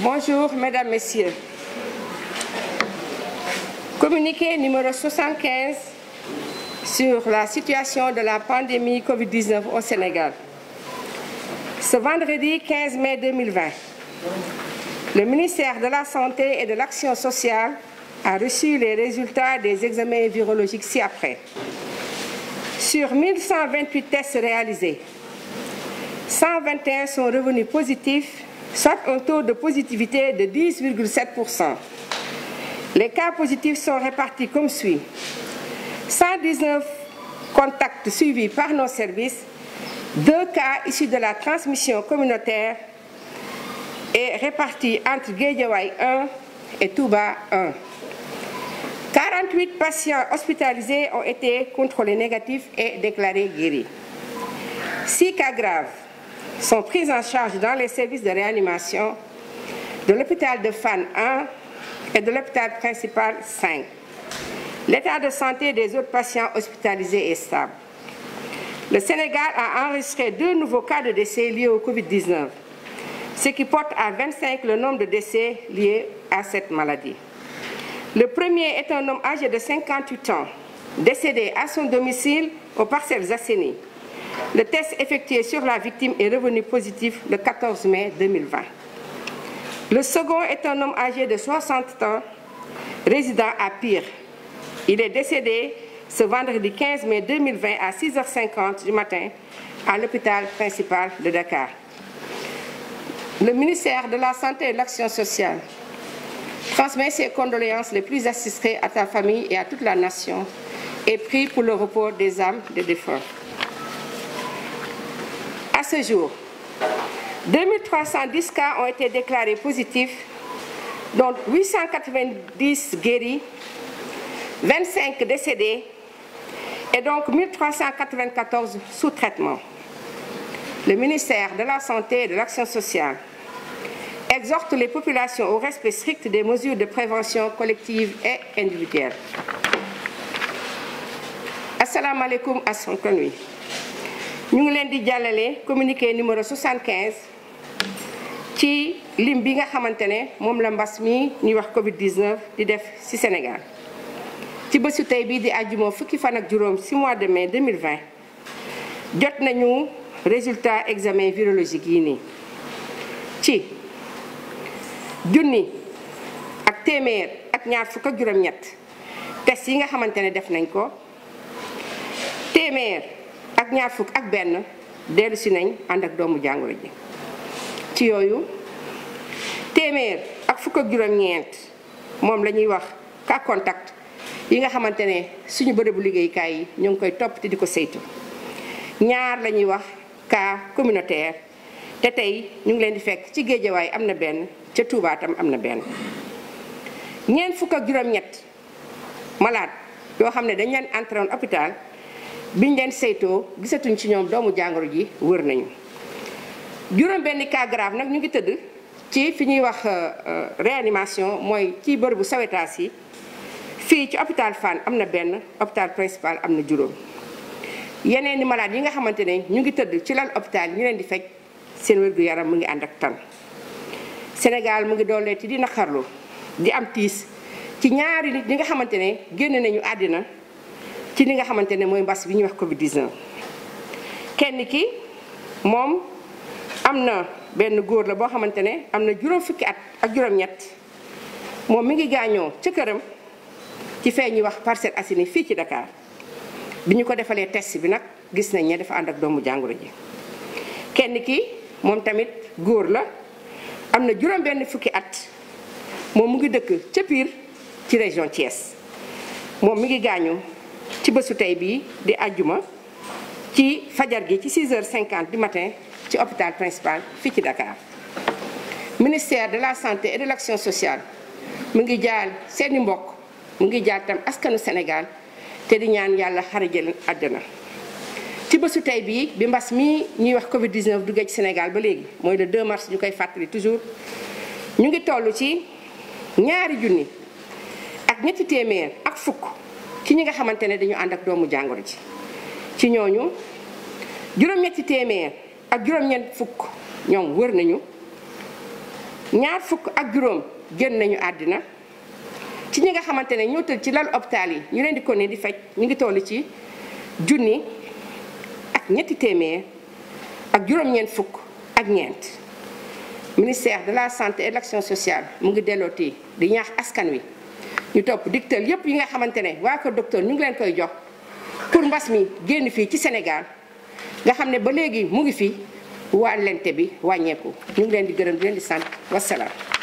Bonjour, Mesdames, Messieurs. Communiqué numéro 75 sur la situation de la pandémie Covid-19 au Sénégal. Ce vendredi 15 mai 2020, le ministère de la Santé et de l'Action sociale a reçu les résultats des examens virologiques ci-après. Sur 1128 tests réalisés, 121 sont revenus positifs soit un taux de positivité de 10,7%. Les cas positifs sont répartis comme suit. 119 contacts suivis par nos services, deux cas issus de la transmission communautaire et répartis entre Guédiawaye 1 et Touba 1. 48 patients hospitalisés ont été contrôlés négatifs et déclarés guéris. 6 sont prises en charge dans les services de réanimation de l'hôpital de Fan 1 et de l'hôpital principal 5. L'état de des autres patients hospitalisés est stable. Le Sénégal a enregistré deux nouveaux cas de décès liés au Covid-19, ce qui porte à 25 le nombre de décès liés à cette maladie. Le premier est un homme âgé de 58 ans, décédé à son domicile aux parcelles Le test effectué sur la victime est revenu positif le 14 mai 2020. Le second est un homme âgé de 60 ans, résident à Pire. Il est décédé ce vendredi 15 mai 2020 à 6h50 du matin à l'hôpital principal de Dakar. Le ministère de la Santé et de l'Action sociale transmet ses condoléances les plus attristées à ta famille et à toute la nation et prie pour le repos des âmes des défunts. À ce jour, 2310 cas ont été déclarés positifs, dont 890 guéris, 25 décédés et donc 1394 sous traitement. Le ministère de la Santé et de l'Action sociale exhorte les populations au respect strict des mesures de prévention collective et individuelle. Assalamu ñu ngi leen di jàllale communiqué numéro 75 ci lim bi nga xamante ne moom la mbas mi ñuy wax Covid 19 di def ci Sénégal ci bésu tey bii di àjjuma fukki fan ak juróom ci mois de mai 2020 jot nañu résultat examen virologique yi nii ci junni ak téeméer ak ñaar fukk ak juróom-ñett test yi nga xamante ne def nañ ko téeméer. ak ñaar fukk ak benn dellusi nañ ànd ak doomu jàngoro ji ci yooyu téeméer ak fukk ak juróom-ñeent moom lañuy wax cas contact yi nga xamante ne suñu bërëbu liggéeykaay yi ñu ngi koy topp te di ko saytu ñaar lañuy wax cas communautaire te tey ñu ngi leen di fekk ci géejawaay am na benn ca Touba am na benn ñeent fukk ak juróom-ñett malade yoo xam ne dañ leen entré woon hôpital biñ leen saytoo gisatuñ ci ñoom doomu jàngoro ji wër nañu juróom benn cas nag ñu ngi tëdd ci fi ñuy wax euh, euh, réanimation mooy ci bërëbu sawetaas yi fii ci hôpital fan am na benn hôpital principal am na juróom yeneen ni malade yi nga xamante ne ñu ngi tëdd ci lal hôpital ñu leen di faj seen wér-gu-yaram mu ngi ànd ak tan Sénégal mu ngi doolee ci di naqarlu di am tiis ci ñaari nit ñi nga xamante ne génn nañu àddina ci li nga xamante ne mooy mbas bi ñuy wax Covid 19. kenn ki moom am na benn góor la boo xamante ne am na juróom fukki at ak juróom-ñett moom mi ngi gaañoo ca këram ci fee ñuy wax Parcelles Assainies fii ci Dakar bi ñu ko defalee test bi nag gis nañ ne dafa ànd ak doomu jàngoro ji kenn ki moom tamit góor la am na juróom benn fukki at moom mu ngi dëkk ca Pire ci région Thiès moom mi ngi gaañu ci bësu tey bii di àjjuma ci fajar gi ci 6h50 du matin ci hôpital principal fii ci Dakar ministère de la santé et de l'action sociale mu ngi jaal seeni mbokk mu ngi jaal tam askanu Sénégal te di ñaan yàlla xaraja leen àddina ci bësu tey bii bi mbas mi ñuy wax Covid 19 duggee ci Sénégal ba léegi mooy le 2 mars ñu koy fàttali toujours ñu ngi toll ci ñaari junni ak ñetti téeméer ak fukk. ñi nga xamante ne dañu ànd ak doomu jàngoro ji ci ñooñu juróom-ñetti téeméer ak juróom-ñeent fukk ñoom wër nañu ñaar fukk ak juróom génn nañu àddina ci ñi nga xamante ne ñoo tëdd ci lal hôpital yi ñu leen di continuer di faj ñu ngi toll ci junni ak ñetti téeméer ak juróom-ñeent fukk ak ñeent ministère de la santé et de sociale mu ngi dellooti di ñaax askan wi ñu topp dictal yépp yi nga xamante ne waa ko docteur ñu ngi leen koy jox pour mbas mi génn fii ci senegal nga xam ne ba léegi mu ngi fii wàllente bi wàññeeku ñu ngi leen di gërëm leen di sant wasalaam